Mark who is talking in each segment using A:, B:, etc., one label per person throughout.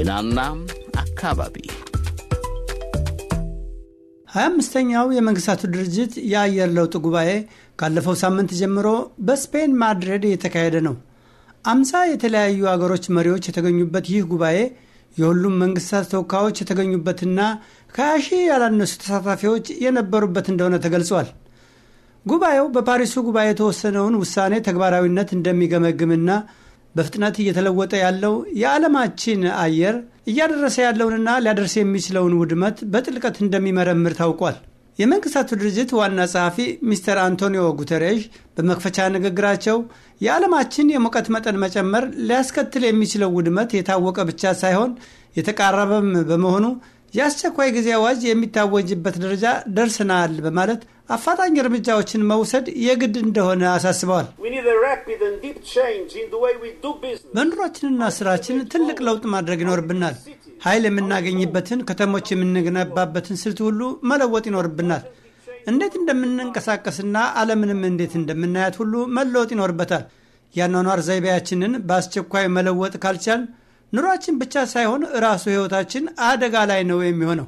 A: ጤናና አካባቢ 25ኛው የመንግሥታቱ ድርጅት የአየር ለውጥ ጉባኤ ካለፈው ሳምንት ጀምሮ በስፔን ማድሪድ የተካሄደ ነው። አምሳ የተለያዩ አገሮች መሪዎች የተገኙበት ይህ ጉባኤ የሁሉም መንግስታት ተወካዮች የተገኙበትና ከ20 ሺህ ያላነሱ ተሳታፊዎች የነበሩበት እንደሆነ ተገልጿል። ጉባኤው በፓሪሱ ጉባኤ የተወሰነውን ውሳኔ ተግባራዊነት እንደሚገመግምና በፍጥነት እየተለወጠ ያለው የዓለማችን አየር እያደረሰ ያለውንና ሊያደርስ የሚችለውን ውድመት በጥልቀት እንደሚመረምር ታውቋል። የመንግስታቱ ድርጅት ዋና ጸሐፊ ሚስተር አንቶኒዮ ጉተሬዥ በመክፈቻ ንግግራቸው የዓለማችን የሙቀት መጠን መጨመር ሊያስከትል የሚችለው ውድመት የታወቀ ብቻ ሳይሆን የተቃረበም በመሆኑ የአስቸኳይ ጊዜ አዋጅ የሚታወጅበት ደረጃ ደርስናል በማለት አፋጣኝ እርምጃዎችን መውሰድ የግድ እንደሆነ አሳስበዋል። በኑሯችንና ስራችን ትልቅ ለውጥ ማድረግ ይኖርብናል። ኃይል የምናገኝበትን ከተሞች የምንገነባበትን ስልት ሁሉ መለወጥ ይኖርብናል። እንዴት እንደምንንቀሳቀስና ዓለምንም እንዴት እንደምናያት ሁሉ መለወጥ ይኖርበታል። የአኗኗር ዘይቤያችንን በአስቸኳይ መለወጥ ካልቻል። ኑሯችን ብቻ ሳይሆን ራሱ ህይወታችን አደጋ ላይ ነው የሚሆነው።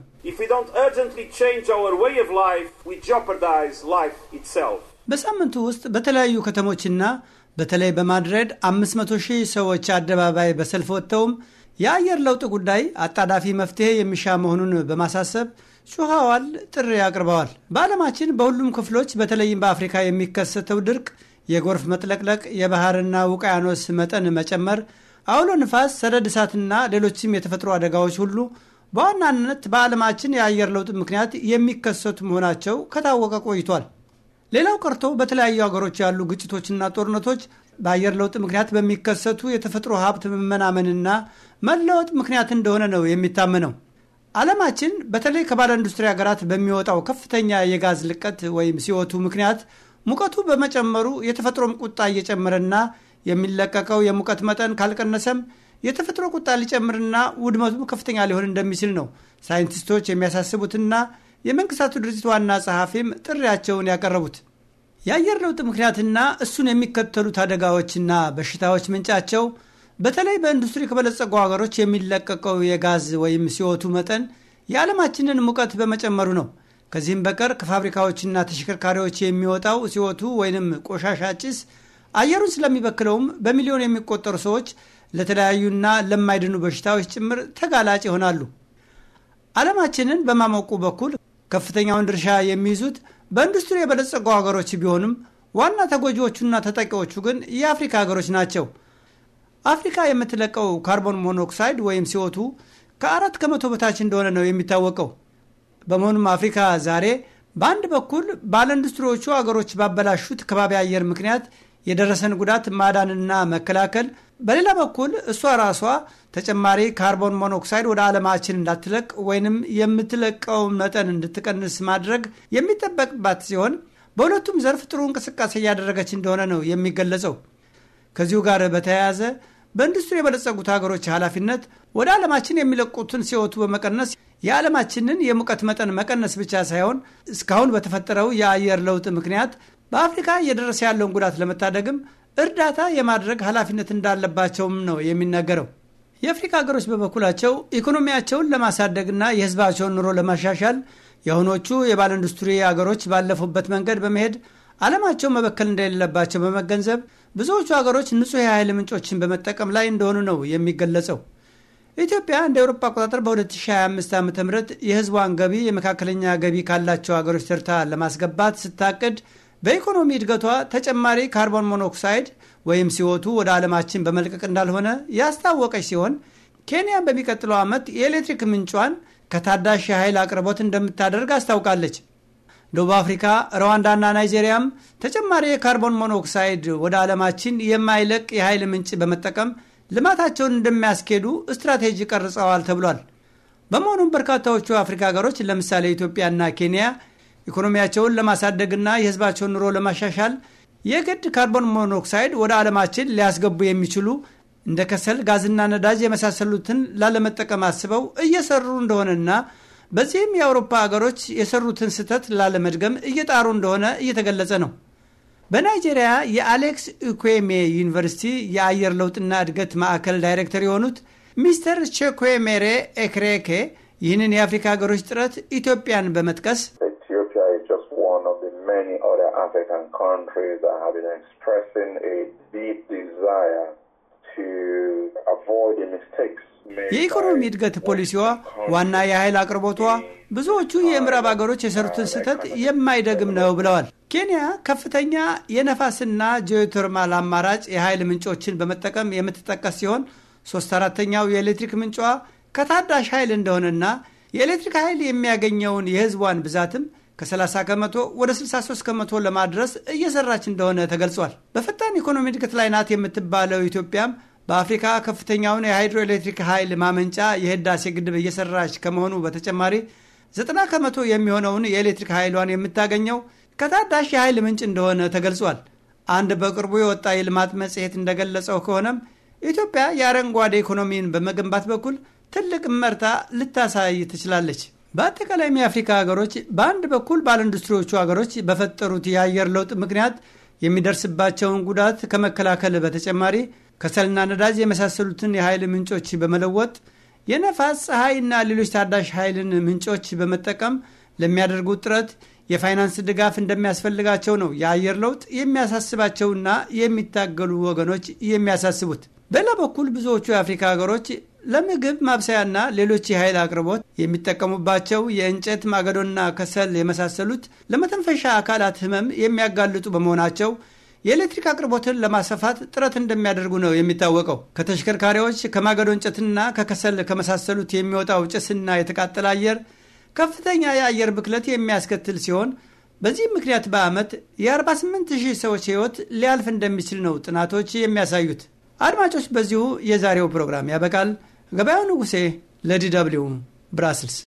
A: በሳምንቱ ውስጥ በተለያዩ ከተሞችና በተለይ በማድረድ 500 ሺህ ሰዎች አደባባይ በሰልፍ ወጥተውም የአየር ለውጥ ጉዳይ አጣዳፊ መፍትሄ የሚሻ መሆኑን በማሳሰብ ጩኸዋል፣ ጥሪ አቅርበዋል። በዓለማችን በሁሉም ክፍሎች በተለይም በአፍሪካ የሚከሰተው ድርቅ፣ የጎርፍ መጥለቅለቅ፣ የባህርና ውቅያኖስ መጠን መጨመር አውሎ ንፋስ፣ ሰደድ እሳትና ሌሎችም የተፈጥሮ አደጋዎች ሁሉ በዋናነት በዓለማችን የአየር ለውጥ ምክንያት የሚከሰቱ መሆናቸው ከታወቀ ቆይቷል። ሌላው ቀርቶ በተለያዩ ሀገሮች ያሉ ግጭቶችና ጦርነቶች በአየር ለውጥ ምክንያት በሚከሰቱ የተፈጥሮ ሀብት መመናመንና መለወጥ ምክንያት እንደሆነ ነው የሚታመነው። ዓለማችን በተለይ ከባለ ኢንዱስትሪ ሀገራት በሚወጣው ከፍተኛ የጋዝ ልቀት ወይም ሲወቱ ምክንያት ሙቀቱ በመጨመሩ የተፈጥሮም ቁጣ እየጨመረና የሚለቀቀው የሙቀት መጠን ካልቀነሰም የተፈጥሮ ቁጣ ሊጨምርና ውድመቱም ከፍተኛ ሊሆን እንደሚችል ነው ሳይንቲስቶች የሚያሳስቡትና የመንግስታቱ ድርጅት ዋና ጸሐፊም ጥሪያቸውን ያቀረቡት። የአየር ለውጥ ምክንያትና እሱን የሚከተሉት አደጋዎችና በሽታዎች ምንጫቸው በተለይ በኢንዱስትሪ ከበለጸጉ ሀገሮች የሚለቀቀው የጋዝ ወይም ሲወቱ መጠን የዓለማችንን ሙቀት በመጨመሩ ነው። ከዚህም በቀር ከፋብሪካዎችና ተሽከርካሪዎች የሚወጣው ሲወቱ ወይንም ቆሻሻ ጭስ አየሩን ስለሚበክለውም በሚሊዮን የሚቆጠሩ ሰዎች ለተለያዩና ለማይድኑ በሽታዎች ጭምር ተጋላጭ ይሆናሉ። ዓለማችንን በማሞቁ በኩል ከፍተኛውን ድርሻ የሚይዙት በኢንዱስትሪ የበለጸጉ ሀገሮች ቢሆንም ዋና ተጎጂዎቹና ተጠቂዎቹ ግን የአፍሪካ ሀገሮች ናቸው። አፍሪካ የምትለቀው ካርቦን ሞኖክሳይድ ወይም ሲወቱ ከአራት ከመቶ በታች እንደሆነ ነው የሚታወቀው። በመሆኑም አፍሪካ ዛሬ በአንድ በኩል ባለ ኢንዱስትሪዎቹ ሀገሮች ባበላሹት ከባቢ አየር ምክንያት የደረሰን ጉዳት ማዳንና መከላከል፣ በሌላ በኩል እሷ ራሷ ተጨማሪ ካርቦን ሞኖክሳይድ ወደ ዓለማችን እንዳትለቅ ወይንም የምትለቀውን መጠን እንድትቀንስ ማድረግ የሚጠበቅባት ሲሆን በሁለቱም ዘርፍ ጥሩ እንቅስቃሴ እያደረገች እንደሆነ ነው የሚገለጸው። ከዚሁ ጋር በተያያዘ በኢንዱስትሪ የበለጸጉት ሀገሮች ኃላፊነት ወደ ዓለማችን የሚለቁትን ሲወቱ በመቀነስ የዓለማችንን የሙቀት መጠን መቀነስ ብቻ ሳይሆን እስካሁን በተፈጠረው የአየር ለውጥ ምክንያት በአፍሪካ እየደረሰ ያለውን ጉዳት ለመታደግም እርዳታ የማድረግ ኃላፊነት እንዳለባቸውም ነው የሚነገረው። የአፍሪካ ሀገሮች በበኩላቸው ኢኮኖሚያቸውን ለማሳደግና የሕዝባቸውን ኑሮ ለማሻሻል የአሁኖቹ የባለ ኢንዱስትሪ ሀገሮች ባለፉበት መንገድ በመሄድ ዓለማቸው መበከል እንደሌለባቸው በመገንዘብ ብዙዎቹ ሀገሮች ንጹሕ የኃይል ምንጮችን በመጠቀም ላይ እንደሆኑ ነው የሚገለጸው። ኢትዮጵያ እንደ አውሮፓ አቆጣጠር በ2025 ዓ ም የህዝቧን ገቢ የመካከለኛ ገቢ ካላቸው ሀገሮች ተርታ ለማስገባት ስታቅድ በኢኮኖሚ እድገቷ ተጨማሪ ካርቦን ሞኖክሳይድ ወይም ሲወቱ ወደ ዓለማችን በመልቀቅ እንዳልሆነ ያስታወቀች ሲሆን ኬንያ በሚቀጥለው ዓመት የኤሌክትሪክ ምንጯን ከታዳሽ የኃይል አቅርቦት እንደምታደርግ አስታውቃለች። ደቡብ አፍሪካ፣ ሩዋንዳና ናይጄሪያም ተጨማሪ የካርቦን ሞኖክሳይድ ወደ ዓለማችን የማይለቅ የኃይል ምንጭ በመጠቀም ልማታቸውን እንደሚያስኬዱ ስትራቴጂ ቀርጸዋል ተብሏል። በመሆኑም በርካታዎቹ አፍሪካ ሀገሮች ለምሳሌ ኢትዮጵያና ኬንያ ኢኮኖሚያቸውን ለማሳደግና የህዝባቸውን ኑሮ ለማሻሻል የግድ ካርቦን ሞኖክሳይድ ወደ ዓለማችን ሊያስገቡ የሚችሉ እንደ ከሰል ጋዝና ነዳጅ የመሳሰሉትን ላለመጠቀም አስበው እየሰሩ እንደሆነና በዚህም የአውሮፓ ሀገሮች የሰሩትን ስህተት ላለመድገም እየጣሩ እንደሆነ እየተገለጸ ነው። በናይጄሪያ የአሌክስ ኢኩዌሜ ዩኒቨርሲቲ የአየር ለውጥና እድገት ማዕከል ዳይሬክተር የሆኑት ሚስተር ቼኩዌሜሬ ኤክሬኬ ይህንን የአፍሪካ ሀገሮች ጥረት ኢትዮጵያን በመጥቀስ countries that have been expressing a deep desire to avoid the mistakes.
B: የኢኮኖሚ እድገት ፖሊሲዋ ዋና የኃይል
A: አቅርቦቷ ብዙዎቹ የምዕራብ አገሮች የሰሩትን ስህተት የማይደግም ነው ብለዋል። ኬንያ ከፍተኛ የነፋስና ጂኦተርማል አማራጭ የኃይል ምንጮችን በመጠቀም የምትጠቀስ ሲሆን ሶስት አራተኛው የኤሌክትሪክ ምንጯ ከታዳሽ ኃይል እንደሆነና የኤሌክትሪክ ኃይል የሚያገኘውን የሕዝቧን ብዛትም ከ30 ከመቶ ወደ 63 ከመቶ ለማድረስ እየሰራች እንደሆነ ተገልጿል። በፈጣን ኢኮኖሚ እድገት ላይ ናት የምትባለው ኢትዮጵያም በአፍሪካ ከፍተኛውን የሃይድሮኤሌክትሪክ ኃይል ማመንጫ የህዳሴ ግድብ እየሰራች ከመሆኑ በተጨማሪ 90 ከመቶ የሚሆነውን የኤሌክትሪክ ኃይሏን የምታገኘው ከታዳሽ የኃይል ምንጭ እንደሆነ ተገልጿል። አንድ በቅርቡ የወጣ የልማት መጽሔት እንደገለጸው ከሆነም ኢትዮጵያ የአረንጓዴ ኢኮኖሚን በመገንባት በኩል ትልቅ መርታ ልታሳይ ትችላለች። በአጠቃላይም የአፍሪካ ሀገሮች በአንድ በኩል ባለ ኢንዱስትሪዎቹ ሀገሮች በፈጠሩት የአየር ለውጥ ምክንያት የሚደርስባቸውን ጉዳት ከመከላከል በተጨማሪ ከሰልና ነዳጅ የመሳሰሉትን የኃይል ምንጮች በመለወጥ የነፋስ ፀሐይና ሌሎች ታዳሽ ኃይልን ምንጮች በመጠቀም ለሚያደርጉት ጥረት የፋይናንስ ድጋፍ እንደሚያስፈልጋቸው ነው የአየር ለውጥ የሚያሳስባቸውና የሚታገሉ ወገኖች የሚያሳስቡት። በሌላ በኩል ብዙዎቹ የአፍሪካ ሀገሮች ለምግብ ማብሰያና ሌሎች የኃይል አቅርቦት የሚጠቀሙባቸው የእንጨት ማገዶና ከሰል የመሳሰሉት ለመተንፈሻ አካላት ህመም የሚያጋልጡ በመሆናቸው የኤሌክትሪክ አቅርቦትን ለማስፋፋት ጥረት እንደሚያደርጉ ነው የሚታወቀው። ከተሽከርካሪዎች ከማገዶ እንጨትና ከከሰል ከመሳሰሉት የሚወጣው ጭስና የተቃጠለ አየር ከፍተኛ የአየር ብክለት የሚያስከትል ሲሆን በዚህ ምክንያት በዓመት የ48 ሺህ ሰዎች ሕይወት ሊያልፍ እንደሚችል ነው ጥናቶች የሚያሳዩት። አድማጮች፣ በዚሁ የዛሬው ፕሮግራም ያበቃል። Gabaa Nugusee la DW Brussels.